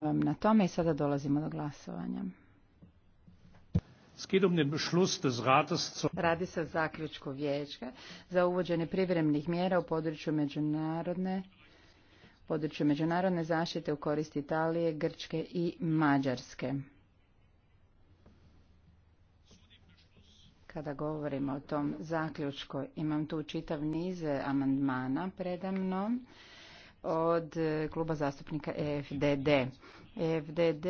na tome i sada dolazimo do glasovanja. Um Radi se o zaključku vijeća za uvođenje privremenih mjera u području međunarodne području međunarodne zaštite u korist Italije, Grčke i Mađarske. Kada govorimo o tom zaključku, imam tu čitav niz amandmana predamnom od e, kluba zastupnika EFDD. EFDD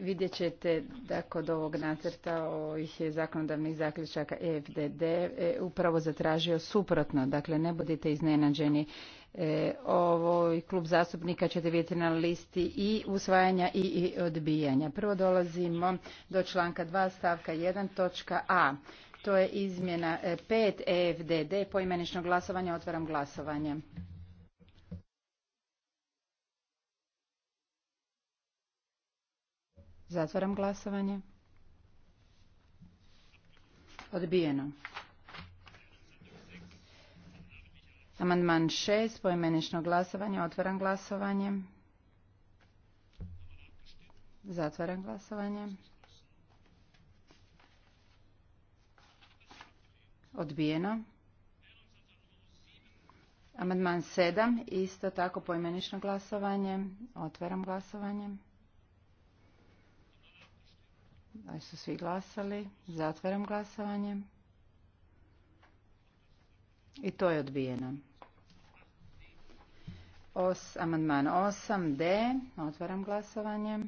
Vidjet ćete da kod ovog nacrta ovih je zakonodavnih zaključaka EFDD e, upravo zatražio suprotno. Dakle, ne budite iznenađeni. E, klub zastupnika ćete vidjeti na listi i usvajanja i, i odbijanja. Prvo dolazimo do članka 2 stavka 1 točka A. To je izmjena 5 e, EFDD poimenično glasovanje. Otvaram glasovanje. Zatvaram glasovanje. Odbijeno. Amandman 6, pojmenično glasovanje. Otvaram glasovanje. Zatvaram glasovanje. Odbijeno. Amandman 7, isto tako poimenično glasovanje. Otvaram glasovanje. Da su svi glasali. Zatvaram glasovanje. I to je odbijeno. amandman 8D. Otvaram glasovanje.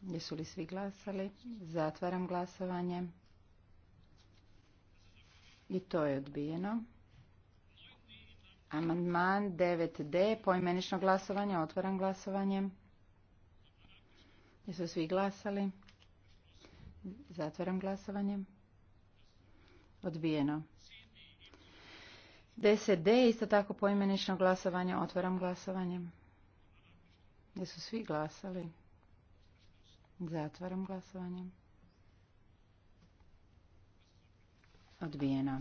Jesu li svi glasali? Zatvaram glasovanje. I to je odbijeno. Amandman 9D. Poimenično glasovanje. Otvaram glasovanje. Jesu svi glasali? Zatvaram glasovanje. Odbijeno. 10D, isto tako poimenično glasovanje. Otvaram glasovanje. Jesu su svi glasali? Zatvaram glasovanje. Odbijeno.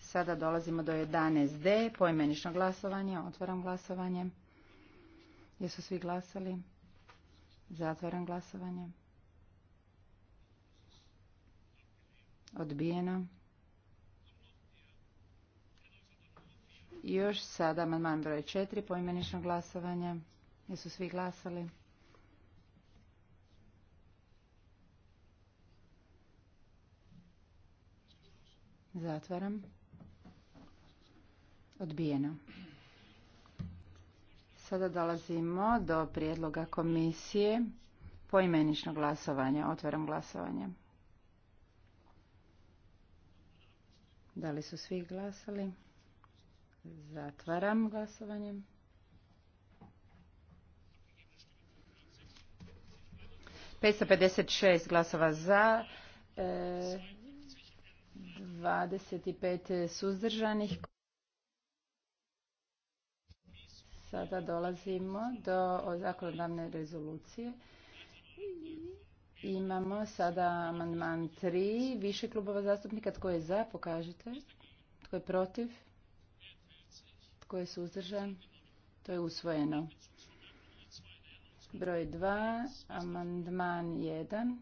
Sada dolazimo do 11D, poimenično glasovanje. Otvaram glasovanje. Jesu svi glasali? Zatvaram glasovanje. Odbijeno. Još sada amandman broj 4 poimenično glasovanje. Jesu svi glasali? Zatvaram. Odbijeno. Sada dolazimo do prijedloga komisije poimenično glasovanje. Otvaram glasovanje. Da li su svi glasali? Zatvaram glasovanje. Petsto pedeset šest glasova za, e, dvadeset pet suzdržanih. Sada dolazimo do zakonodavne rezolucije Imamo sada amandman 3, više klubova zastupnika. Tko je za, pokažite. Tko je protiv? Tko je suzdržan? To je usvojeno. Broj 2, amandman 1,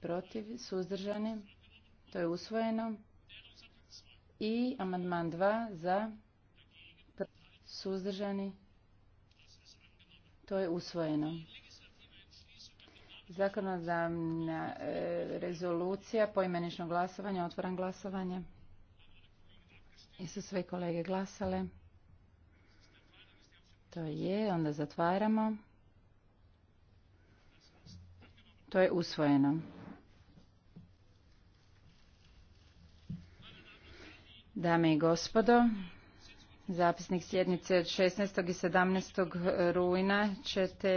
protiv, suzdržani. To je usvojeno. I amandman 2, za, suzdržani. To je usvojeno. Zakonodavna e, rezolucija, poimenično glasovanje, otvoran glasovanje. Jesu sve kolege glasale. To je, onda zatvaramo. To je usvojeno. Dame i gospodo, zapisnik sjednice od 16. i 17. rujna ćete